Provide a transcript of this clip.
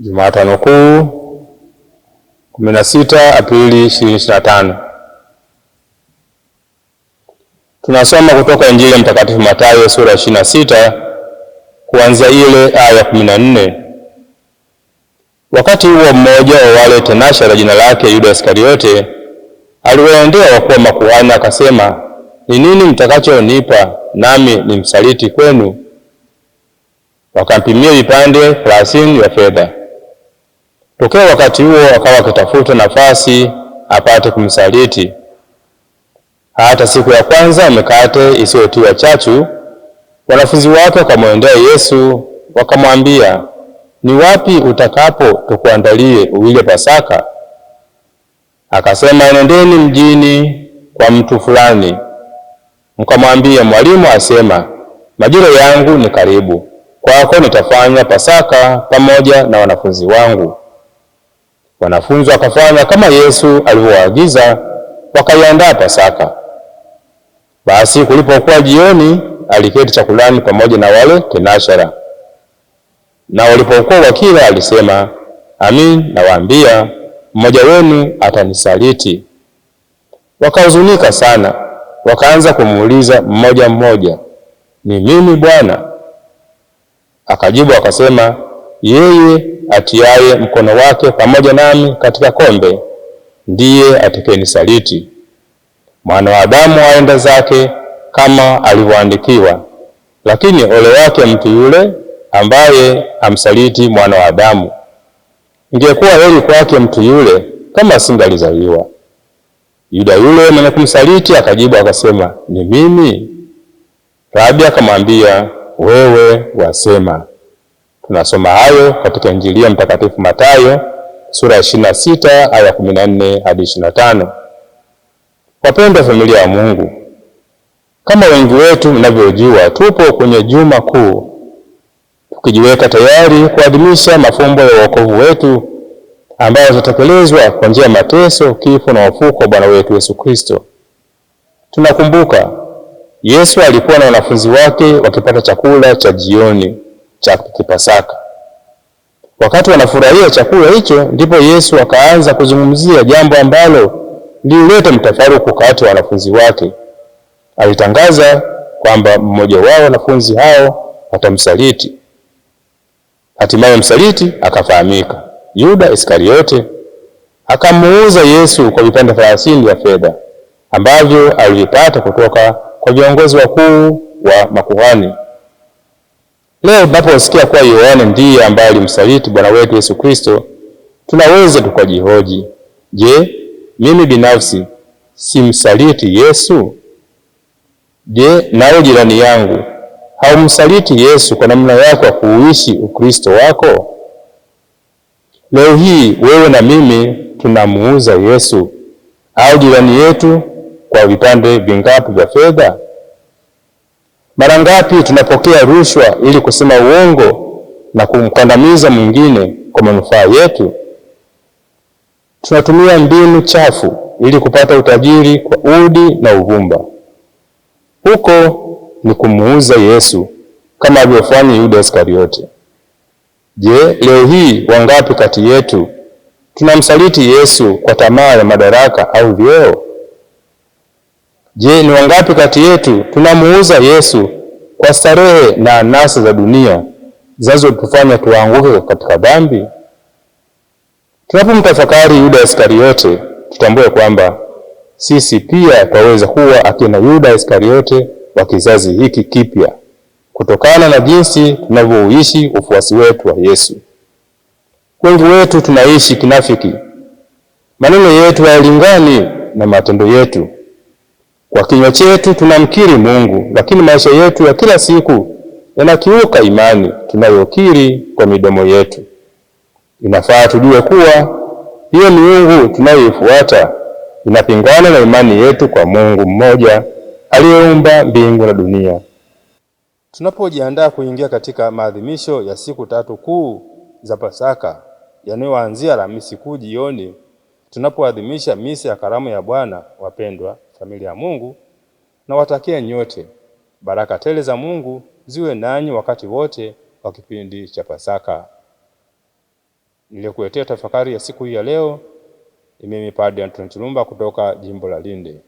Jumatano Kuu kumi na sita Aprili ishirini ishirini na tano. Tunasoma kutoka Injili ya Mtakatifu Mathayo sura ya ishirini na sita kuanzia ile aya ya kumi na nne. Wakati huo mmoja wa wale tenasha la jina lake Yuda Iskariote aliwaendea wakuu makuhani akasema, ni nini mtakachonipa nami ni msaliti kwenu? Wakampimia vipande thelathini vya fedha. Tokea wakati huo akawa akitafuta nafasi apate kumsaliti. Hata siku ya kwanza mikate isiyotiwa chachu, wanafunzi wake wakamwendea Yesu wakamwambia, ni wapi utakapo tukuandalie uwile Pasaka? Akasema, nendeni mjini kwa mtu fulani mkamwambie, mwalimu asema majira yangu ni karibu, kwako nitafanya Pasaka pamoja na wanafunzi wangu. Wanafunzi wakafanya kama Yesu alivyowaagiza, wakaiandaa Pasaka. Basi kulipokuwa jioni, aliketi chakulani pamoja na wale tenashara, na walipokuwa wakila, alisema, amin nawaambia, mmoja wenu atanisaliti. Wakahuzunika sana, wakaanza kumuuliza mmoja mmoja, ni mimi Bwana? Akajibu akasema, yeye atiaye mkono wake pamoja nami katika kombe ndiye atakayenisaliti. Mwana wa Adamu aenda zake kama alivyoandikiwa, lakini ole wake mtu yule ambaye amsaliti mwana wa Adamu. Ingekuwa heri kwake mtu yule kama asingalizaliwa. Yuda yule mwenye kumsaliti akajibu akasema, ni mimi. Rabi akamwambia, wewe wasema. Tunasoma hayo katika Injili ya Mtakatifu Mathayo sura ya 26 aya 14 hadi 25. Wapendwa familia ya Mungu, kama wengi wetu mnavyojua, tupo kwenye juma kuu tukijiweka tayari kuadhimisha mafumbo ya wokovu wetu ambayo yatatekelezwa kwa njia ya mateso, kifo na ufufuo wa Bwana wetu Yesu Kristo. Tunakumbuka Yesu alikuwa na wanafunzi wake wakipata chakula cha jioni cha Kipasaka. Wakati wanafurahia chakula hicho, ndipo Yesu akaanza kuzungumzia jambo ambalo lilileta mtafaruku kati ya wanafunzi wake. Alitangaza kwamba mmoja wao wanafunzi hao atamsaliti. Hatimaye msaliti akafahamika, Yuda Iskariote akamuuza Yesu kwa vipande 30 vya fedha ambavyo alivipata kutoka kwa viongozi wakuu wa makuhani. Leo tunaposikia kuwa Yohane ndiye ambaye alimsaliti Bwana wetu Yesu Kristo, tunaweza tukajihoji, je, mimi binafsi simsaliti Yesu? Je, nawe jirani yangu haumsaliti Yesu kwa namna yako ya kuuishi Ukristo wako? Leo hii wewe na mimi tunamuuza Yesu au jirani yetu kwa vipande vingapi vya fedha? Mara ngapi tunapokea rushwa ili kusema uongo na kumkandamiza mwingine kwa manufaa yetu? Tunatumia mbinu chafu ili kupata utajiri kwa udi na uvumba. Huko ni kumuuza Yesu kama alivyofanya Yuda Iskarioti. Je, leo hii wangapi kati yetu tunamsaliti Yesu kwa tamaa ya madaraka au vyeo? Je, ni wangapi kati yetu tunamuuza Yesu kwa starehe na anasa za dunia zinazotufanya tuanguke katika dhambi? Tunapomtafakari Yuda Iskariote, tutambue kwamba sisi pia twaweza kuwa akina Yuda Iskariote wa kizazi hiki kipya, kutokana na jinsi tunavyouishi ufuasi wetu wa Yesu. Wengi wetu tunaishi kinafiki, maneno yetu hayalingani na matendo yetu. Kwa kinywa chetu tunamkiri Mungu, lakini maisha yetu ya kila siku yanakiuka imani tunayokiri kwa midomo yetu. Inafaa tujue kuwa hiyo miungu tunayoifuata inapingana na imani yetu kwa Mungu mmoja aliyeumba mbingu na dunia. Tunapojiandaa kuingia katika maadhimisho ya siku tatu kuu za Pasaka yanayoanzia Alhamisi Kuu jioni, tunapoadhimisha misa ya karamu ya Bwana, wapendwa familia ya Mungu, na watakia nyote baraka tele za Mungu ziwe nanyi wakati wote wa kipindi cha Pasaka. Nilikuletea tafakari ya siku hii ya leo, mimi Padre Anthony Chilumba kutoka jimbo la Lindi.